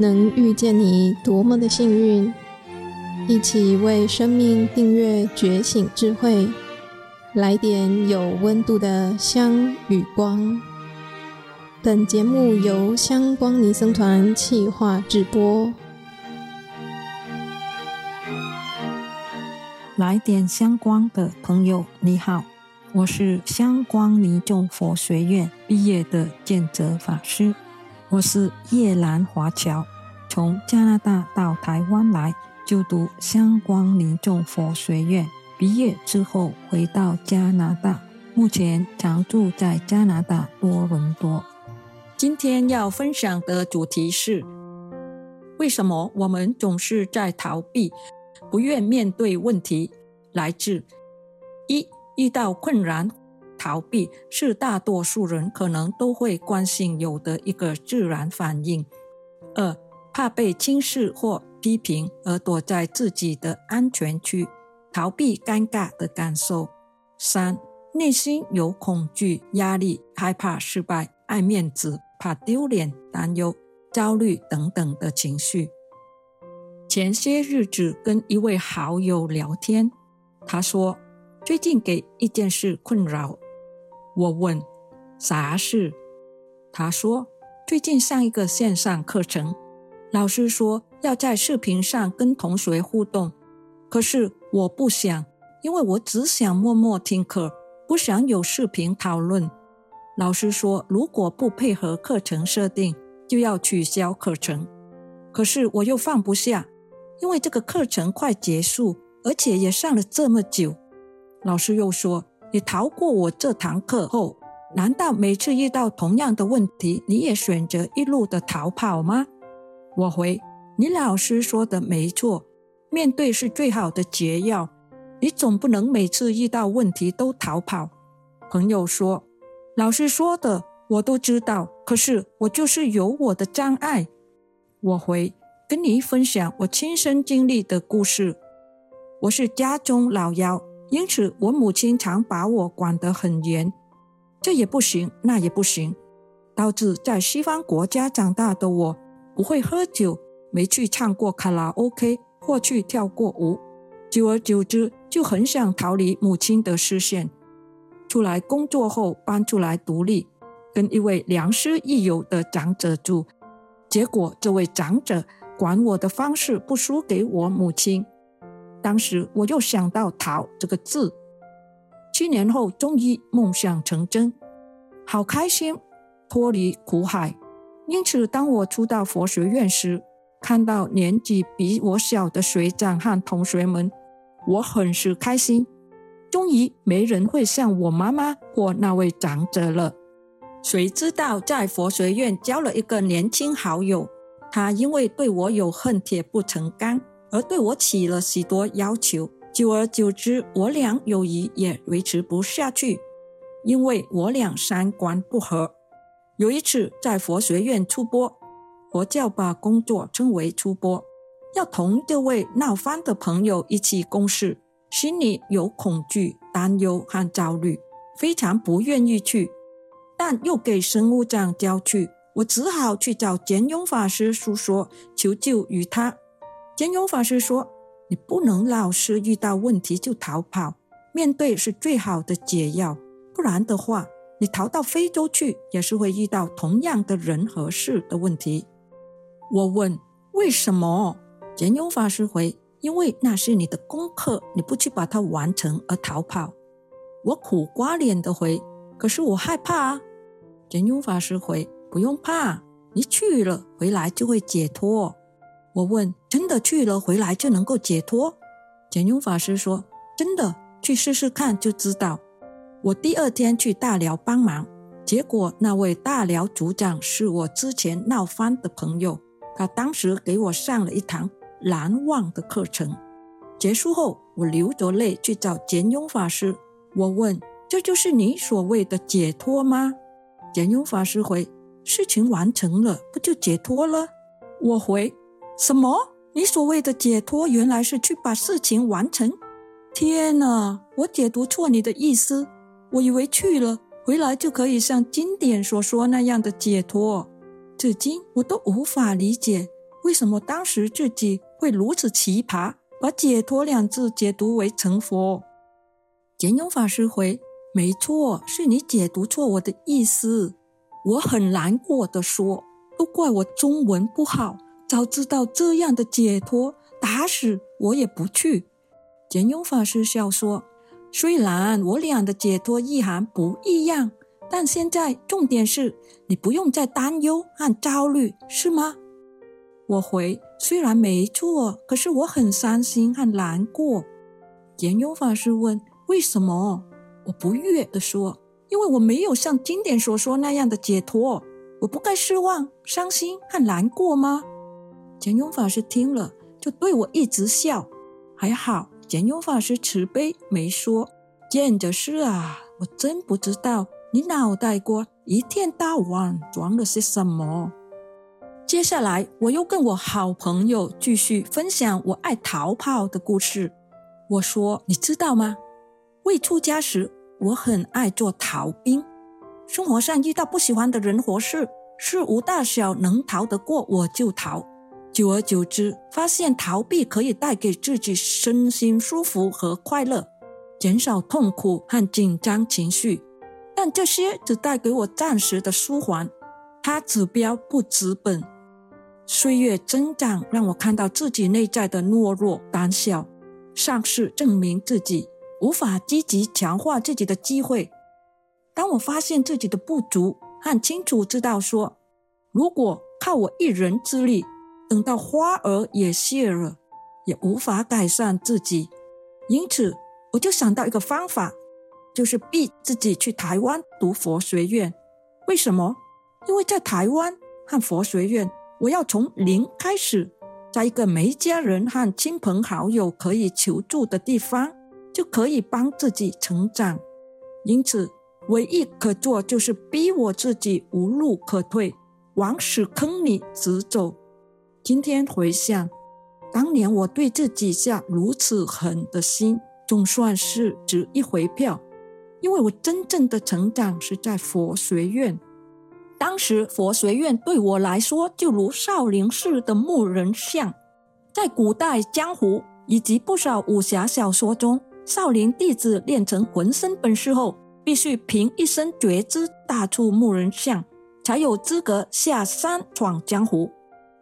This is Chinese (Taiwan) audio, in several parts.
能遇見你，多麼的幸運！一起為生命訂閱覺醒智慧，來點有溫度的香與光。本節目由香光尼僧團企劃製播。來點香光的朋友，你好，我是香光尼眾佛學院畢業的見澤法師。我是越南華僑，從加拿大到台灣來就讀香光尼眾佛學院，畢業之後回到加拿大，目前常住在加拿大多倫多。今天要分享的主題是：為什麼我們總是在逃避，不願面對問題？來自一遇到困難。逃避是大多數人可能都會慣性有的一個自然反應。二、怕被輕視或批評而躲在自己的安全區，逃避尷尬的感受。三、內心有恐懼、壓力、害怕失敗、愛面子、怕丟臉、擔憂、焦慮等等的情緒。前些日子跟一位好友聊天，他說最近給一件事困擾。我問啥事？他說最近上一個線上課程，老師說要在視頻上跟同學互動，可是我不想，因為我只想默默聽課，不想有視頻討論。老師說如果不配合課程設定，就要取消課程。可是我又放不下，因為這個課程快結束，而且也上了這麼久。老師又說。你逃過我這堂課後，難道每次遇到同樣的問題，你也選擇一路的逃跑嗎？我回，你老師說的沒錯，面對是最好的解藥，你總不能每次遇到問題都逃跑。朋友說，老師說的我都知道，可是我就是有我的障礙。我回，跟你分享我親身經歷的故事，我是家中老幺。因此，我母親常把我管得很嚴，這也不行，那也不行，導致在西方國家長大的我不會喝酒，沒去唱過卡拉 OK 或去跳過舞。久而久之，就很想逃離母親的視線。出來工作後，搬出來獨立，跟一位良師益友的長者住，結果這位長者管我的方式不輸給我母親。當時我又想到「逃」這個字，七年後終於夢想成真，好開心，脫離苦海。因此，當我初到佛學院時，看到年紀比我小的學長和同學們，我很是開心，終於沒人會像我媽媽或那位長者了。誰知道在佛學院交了一個年輕好友，他因為對我有恨鐵不成鋼，而對我起了許多要求，久而久之，我倆友誼也維持不下去，因為我倆三觀不合。有一次在佛學院出坡，佛教把工作稱為出坡，要同這位鬧翻的朋友一起共事，心裡有恐懼、擔憂和焦慮，非常不願意去，但又給生物長叫去，我只好去找簡雍法師訴說，求救於他。見勇法師說：“你不能老是遇到問題就逃跑，面對是最好的解藥。不然的話，你逃到非洲去，也是會遇到同樣的人和事的問題。”我問：“為什麼？”見勇法師回：“因為那是你的功課，你不去把它完成而逃跑。”我苦瓜臉的回：“可是我害怕啊。”見勇法師回：“不用怕，你去了回來就會解脫。”我問：“真的去了，回來就能夠解脫？”簡雍法師說：“真的，去試試看就知道。”我第二天去大寮幫忙，結果那位大寮組長是我之前鬧翻的朋友，他當時給我上了一堂難忘的課程。結束後，我流着淚去找簡雍法師，我問：“這就是你所謂的解脫嗎？”簡雍法師回：“事情完成了，不就解脫了？”我回。什麼？你所謂的解脫，原來是去把事情完成？天哪！我解讀錯你的意思，我以為去了回來就可以像經典所說那樣的解脫。至今我都無法理解，為什麼當時自己會如此奇葩，把解脫兩字解讀為成佛。見勇法師回：沒錯，是你解讀錯我的意思。我很難過地說，都怪我中文不好。早知道這樣的解脫，打死我也不去。見雍法師笑說：“雖然我倆的解脫意涵不一樣，但現在重點是你不用再擔憂和焦慮，是嗎？”我回：“雖然沒錯，可是我很傷心和難過。”見雍法師問：“為什麼？”我不悅地說：“因為我沒有像經典所說那樣的解脫，我不該失望、傷心和難過嗎？”簡雍法師聽了，就對我一直笑。還好，簡雍法師慈悲，沒說。簡直是啊！我真不知道你腦袋瓜一天到晚裝了些什麼。接下來，我又跟我好朋友繼續分享我愛逃跑的故事。我說：“你知道嗎？未出家時，我很愛做逃兵。生活上遇到不喜歡的人和事，事無大小，能逃得過我就逃。”久而久之，發現逃避可以帶給自己身心舒服和快樂，減少痛苦和緊張情緒，但這些只帶給我暫時的舒緩，它治標不治本。歲月增長讓我看到自己內在的懦弱、膽小，喪失證明自己無法積極強化自己的機會。當我發現自己的不足，和清楚知道說，如果靠我一人之力，等到花兒也謝了，也無法改善自己，因此我就想到一個方法，就是逼自己去台灣讀佛學院。為什麼？因為在台灣和佛學院，我要從零開始，在一個沒家人和親朋好友可以求助的地方，就可以幫自己成長。因此，唯一可做就是逼我自己無路可退，往死坑裡直走。今天回想，當年我對自己下如此狠的心，總算是值一回票。因為我真正的成長是在佛學院，當時佛學院對我來說就如少林寺的木人巷。在古代江湖以及不少武俠小說中，少林弟子練成渾身本事後，必須憑一身覺知打出木人巷，才有資格下山闖江湖。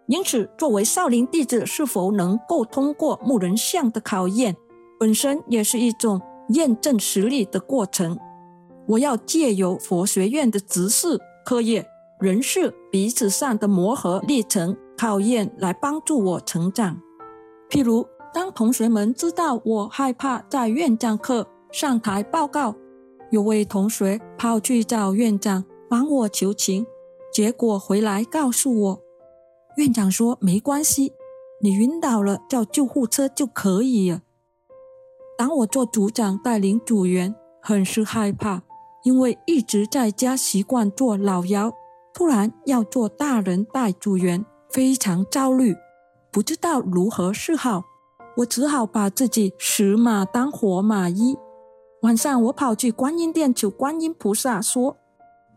因此，作為少林弟子，是否能夠通過木人像的考驗，本身也是一種驗證實力的過程。我要借由佛學院的執事、課業、人事彼此上的磨合歷程考驗，來幫助我成長。譬如，當同學們知道我害怕在院長課上台報告，有位同學跑去找院長幫我求情，結果回來告訴我。院長說：“沒關係，你暈倒了叫救護車就可以了。”當我做組長帶領組員，很是害怕，因為一直在家習慣做老幺，突然要做大人帶組員，非常焦慮，不知道如何是好。我只好把自己死馬當活馬醫。晚上我跑去觀音殿求觀音菩薩說：“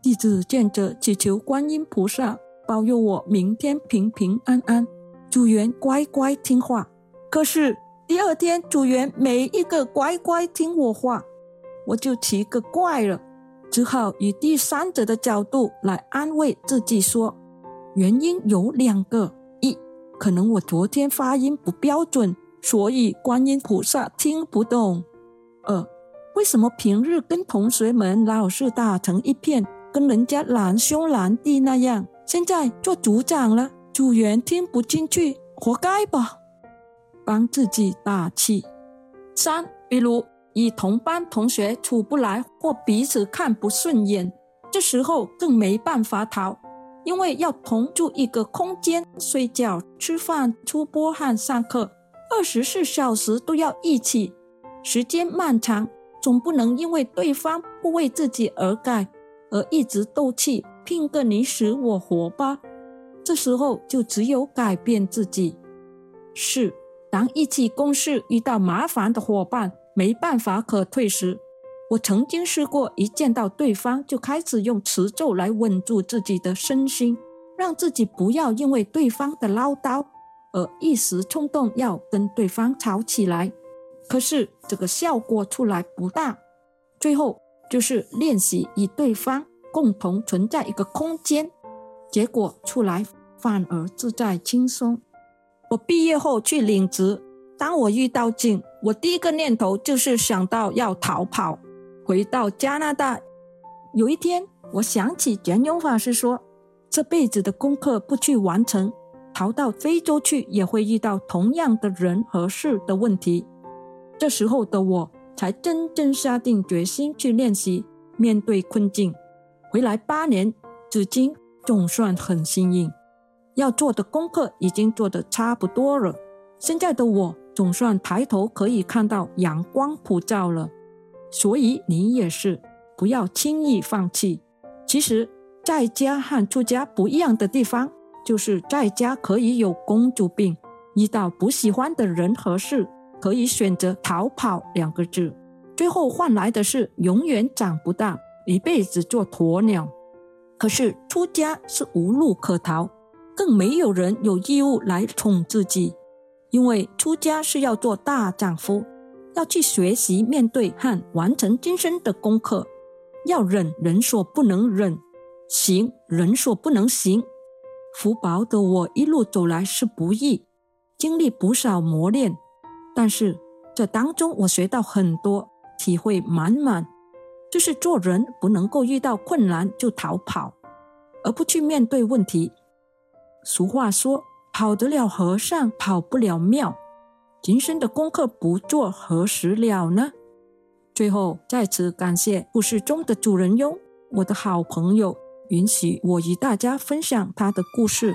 弟子見澤祈求觀音菩薩。”保佑我明天平平安安，主人乖乖聽話。可是第二天，主人沒一個乖乖聽我話，我就奇個怪了，只好以第三者的角度來安慰自己說：原因有兩個，一可能我昨天發音不標準，所以觀音菩薩聽不懂；二為什麼平日跟同學們老是打成一片，跟人家難兄難弟那樣？現在做組長了，組員聽不進去，活該吧？幫自己打氣。三，比如與同班同學處不來，或彼此看不順眼，這時候更沒辦法逃，因為要同住一個空間，睡覺、吃飯、出坡和、上課，二十四小時都要一起，時間漫長，總不能因為對方不為自己而改。而一直鬥氣，拼個你死我活吧！這時候就只有改變自己。是，當一起共事遇到麻煩的夥伴，沒辦法可退時，我曾經試過，一見到對方就開始用持咒來穩住自己的身心，讓自己不要因為對方的嘮叨而一時衝動要跟對方吵起來。可是這個效果出來不大，最後，就是練習與對方共同存在一個空間，結果出來反而自在輕鬆。我畢業後去領職，當我遇到境，我第一個念頭就是想到要逃跑，回到加拿大。有一天，我想起圓融法師說：“這輩子的功課不去完成，逃到非洲去也會遇到同樣的人和事的問題。”這時候的我。才真正下定決心去練習，面對困境。回來八年，至今總算很幸運，要做的功課已經做得差不多了。現在的我總算抬頭可以看到陽光普照了。所以你也是，不要輕易放棄。其實，在家和出家不一樣的地方，就是在家可以有公主病，遇到不喜歡的人和事。可以選擇逃跑兩個字，最後換來的是永遠長不大，一輩子做鴕鳥。可是出家是無路可逃，更沒有人有義務來寵自己，因為出家是要做大丈夫，要去學習面對和完成今生的功課，要忍人所不能忍，行人所不能行。福薄的我一路走來是不易，經歷不少磨練。但是，這當中我學到很多，體會滿滿，就是做人不能夠遇到困難就逃跑，而不去面對問題。俗話說：“跑得了和尚，跑不了廟。”人生的功課不做，何時了呢？最後，再次感謝故事中的主人翁，我的好朋友，允許我與大家分享他的故事。